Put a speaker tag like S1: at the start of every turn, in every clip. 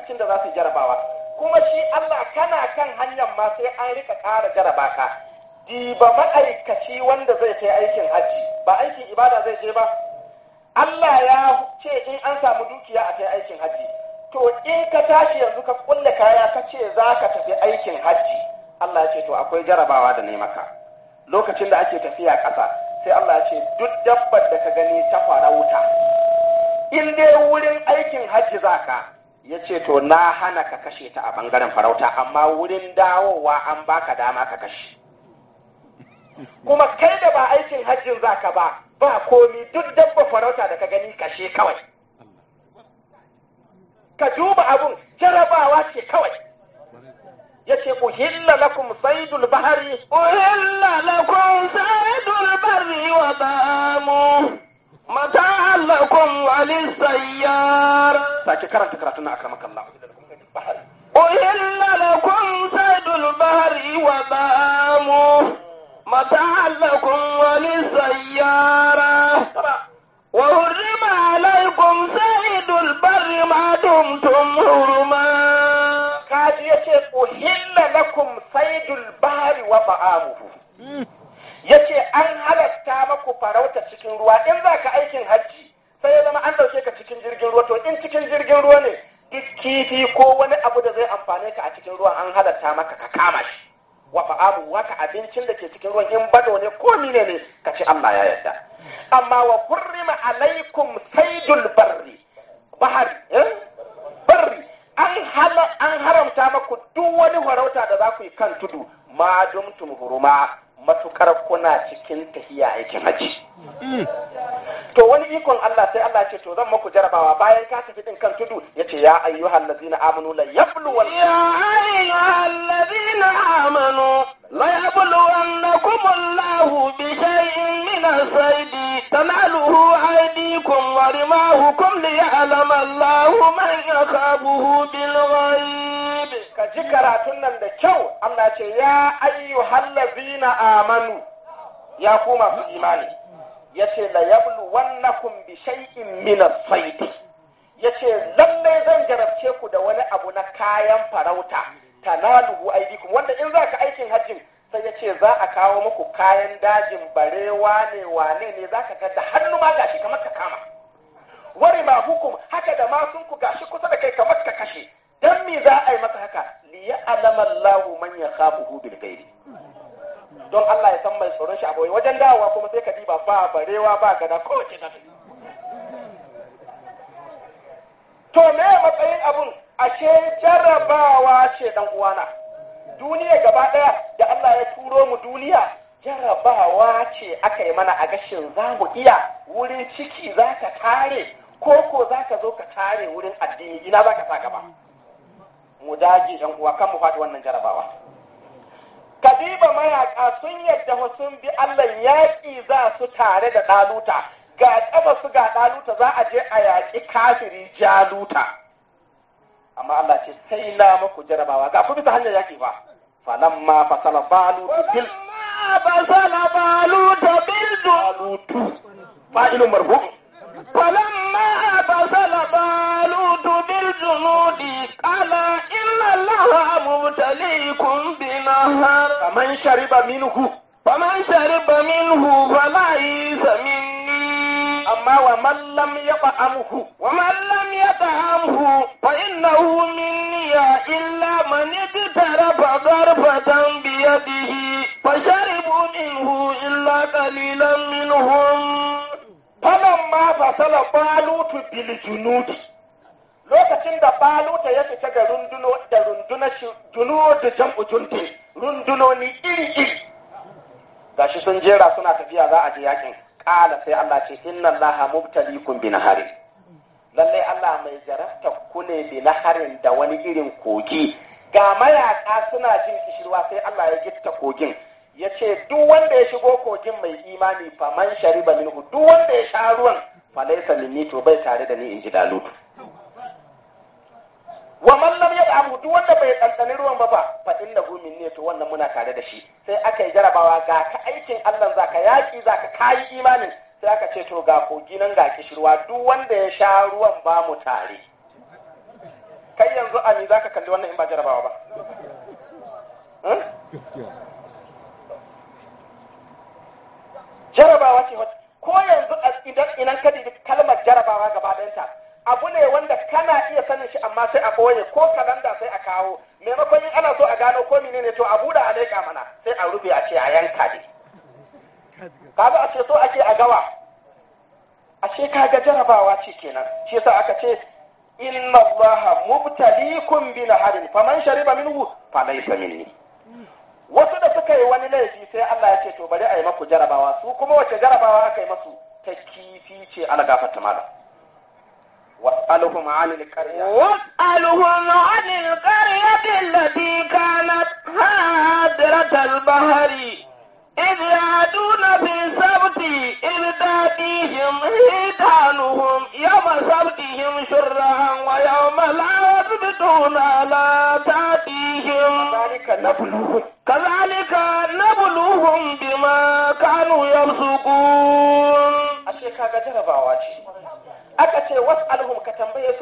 S1: lokacin da za su jarabawa kuma shi Allah kana kan hanyar ma sai an rika ƙara jaraba ka diba ma'aikaci wanda zai je aikin hajji ba aikin ibada zai je ba Allah ya ce in an samu dukiya a ta aikin hajji to in ka tashi yanzu ka kulle kaya ka ce za ka tafi aikin hajji Allah ya ce to akwai jarabawa da ne maka lokacin da ake tafiya ƙasa sai Allah ya ce duk dabbar da ka gani ta fara wuta in dai wurin aikin hajji za ka ya ce to na hana ka kashe ta a bangaren farauta amma wurin dawowa an baka dama ka kashe kuma kai da ba aikin hajjin za ka ba ba komi duk dabba farauta da ka gani kashe kawai ka duba abun jarabawa ce kawai ya ce uhilla lakum saidul bahari uhilla lakum saidul bahari wa damu mata alakon wali sayyar sake karanta karatun na akramaka Allah uhilla lakum saydul bahri wa damu mata alakon wali sayyar wa hurrima alaikum saydul bahri ma dumtum hurma kaji yace uhilla lakum saydul bahri wa ta'amuhu hmm. ya ce an halatta maku farauta cikin ruwa in za ka aikin hajji sai ya zama an ɗauke ka cikin jirgin ruwa to in cikin jirgin ruwa ne duk kifi ko wani abu da zai amfane ka a cikin ruwa an halatta maka ka kama shi wa fa'amu waka abincin da ke cikin ruwan in bado ne ko mine ne ka ce Allah ya yarda amma wa hurrima alaikum saydul barri bahari eh? barri an an haramta maku duk wani farauta da za ku yi kan tudu ma dumtum huruma matukar kuna cikin tahiya aikin haji mm. to wani ikon Allah sai Allah ce to zan maku jarabawa bayan ka tafi din kan tudu yace ya ayyuhal ladzina amanu la yablu wal ya ayyuhal ladzina amanu la yablu annakum Allahu bi shay'in min as-sayd tanaluhu aydikum wa rimahukum li ya'lama Allahu man yakhabuhu bil ghaib ka ji karatun nan da kyau Allah ce ya ayyuhallazina amanu ya ku masu imani yace la yablu wannakum bi shay'in min as ya yace lallai zan jarabce ku da wani abu na kayan farauta tanaluhu aydikum wanda in za ka aikin hajji sai ya ce za a kawo muku kayan dajin barewa ne wane ne zaka ka da hannu ma gashi kamar ka kama wari ma hukum haka da masunku gashi kusa da kai kamar ka kashe dan me za a yi masa haka li alama Allahu man khafuhu bil ghaib don Allah ya san mai tsoron shi a wajen dawowa kuma sai ka diba ba barewa ba gada ce ta to me matsayin abun ashe jarabawa ce dan uwana duniya gaba daya da Allah ya turo mu duniya jarabawa ce aka yi mana a gashin zamu iya wurin ciki za ka tare ko ko za ka zo ka tare wurin addini ina za ka sa gaba mu dage ɗan uwa kan mu faɗi wannan jarabawa kadiba mayaƙa sun yadda sun bi Allah yaƙi za su tare da ɗaluta ga ƙafa su ga ɗaluta za a je a yaƙi kafiri jaluta amma Allah ce sai na muku jarabawa ga ku bisa hanyar yaƙi ba falamma fasala balu bil fasala balu da bil balutu fa'ilun marhu falamma fasala balu الربي قال إن الله مبتليكم بنهر فمن شرب منه فمن شرب منه فليس مني أما ومن لم يطعمه ومن لم يطعمه فإنه مني إلا من اقترف ضربة بيده فشربوا منه إلا قليلا منهم فلما فصل طالوت بالجنود lokacin da baluta ya fita ga runduno da runduna duno da jam'u rundunoni iri iri shi sun jera suna tafiya za a je yakin kala sai Allah ce inna allaha mubtalikum bi naharin lallai Allah mai jarabta ku ne bi naharin da wani irin kogi ga mayaka suna jin kishirwa sai Allah ya gitta kogin ya ce duk wanda ya shigo kogin mai imani faman shariba minhu duk wanda ya sha ruwan falaisa minni to bai tare da ni in ji dalutu wa man lam yad'amhu duk wanda bai ɗanɗani ruwan ba fa fa innahu minni to wannan muna tare da shi sai aka yi jarabawa ga ka aikin Allah zaka yaki zaka kai imanin sai aka ce to ga kogi nan ga kishirwa duk wanda ya sha ruwan ba mu tare kai yanzu ni zaka kalli wannan in ba jarabawa ba jarabawa ce ko yanzu idan inan kadi kalmar jarabawa gaba ta abu ne wanda kana iya sanin shi amma sai a ɓoye ko kalanda sai a kawo maimakon in ana so a gano ko ne to a buɗe a leƙa mana sai a rufe a ce a yanka ne kaga a ce so ake a gawa ka kaga jarabawa ce kenan shi yasa aka ce inna allaha mubtalikum bi naharin faman shariba minhu fa laysa minni wasu da suka yi wani laifi sai Allah ya ce to bari a yi maku jarabawa su kuma wace jarabawa aka yi masu ta kifi ce ana gafarta malam واسألهم عن القرية واسألهم عن القرية التي كانت حاضرة البحر إذ يعدون في سبت إذ تأتيهم حيتانهم يوم سبتهم شرعا ويوم لا يثبتون لا تأتيهم ذلك نبلوهم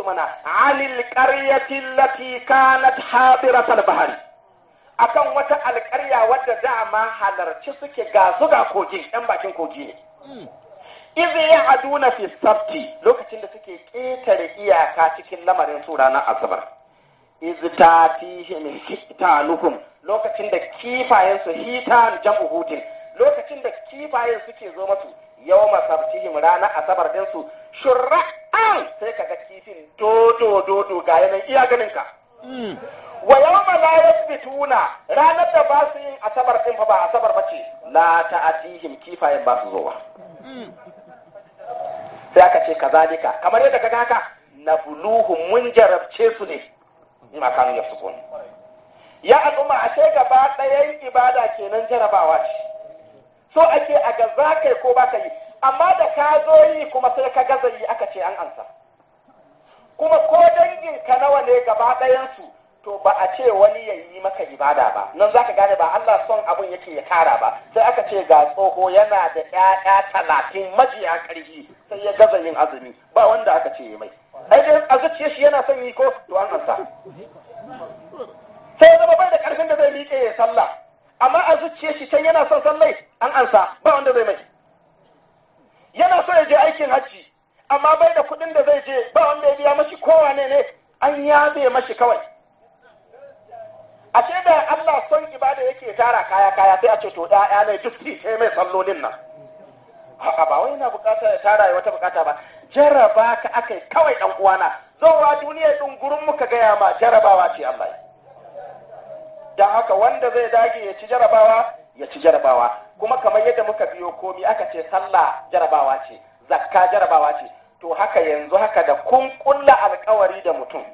S1: mana anil qaryati lati kanat hadirat bahari akan wata alƙarya wadda ma halarci suke ga ga kogin ɗan bakin kogi ne hmm. izi ya aduna fi sabti lokacin da suke ƙetare iyaka cikin lamarin su ranar asabar izi ta tihim lokacin da kifayen su hitan jam'u hutin lokacin da kifayen suke zo masu yau masabtihim ranar asabar din su shurra'an sai ka kenan iya ganin ka hmm. wa la tuna ranar da ba su yin asabar ɗin fa ba asabar ce. la ta'atihim kifayen ba su zo ba hmm. sai aka ce kazalika kamar yadda ka gaka na buluhu mun jarabce su ne in ma kanu kun. ya al'umma ashe gaba ɗayan ibada kenan jarabawa ce so ake a ga za kai ko ba ka yi amma da ka zo yi kuma sai ka gaza yi aka ce an ansa kuma ko ka nawa ne gaba ɗayansu to ba a ce wani ya yi maka ibada ba nan za ka gane ba Allah son abun yake ya tara ba sai aka ce ga tsoho yana da ƴaƴa talatin majiya ƙarfi sai ya gaza yin azumi ba wanda aka ce mai ai dai a zuciya shi yana son yi ko to an ansa sai zama bai da ƙarfin da zai miƙe ya sallah amma a zuciya shi can yana son sallai an ansa ba wanda zai mai yana so ya je aikin hajji amma bai da kuɗin da zai je ba wanda ya biya mashi kowa ne ne an yabe mashi kawai ashe da Allah son ibada yake tara kaya kaya sai a ce to ɗaya ne duk su ce mai sallolin nan Ha'a ba wai na bukata ya tara wata bukata ba jaraba ka yi kawai dan uwana zowa duniya din gurin muka gaya ma jarabawa ce Allah dan haka wanda zai dage ya ci jarabawa ya ci jarabawa kuma kamar yadda muka biyo komi aka ce sallah jarabawa ce zakka jarabawa ce to haka yanzu haka da kun kulla alkawari da mutum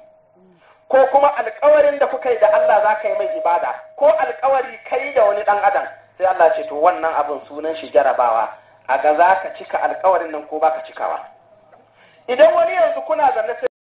S1: ko kuma alkawarin da kuka yi da Allah za ka yi mai ibada ko alkawari kai da wani ɗan adam sai Allah ce to wannan abin sunan shi jarabawa a ga za ka cika alkawarin nan ko ba baka cikawa idan wani yanzu kuna zanne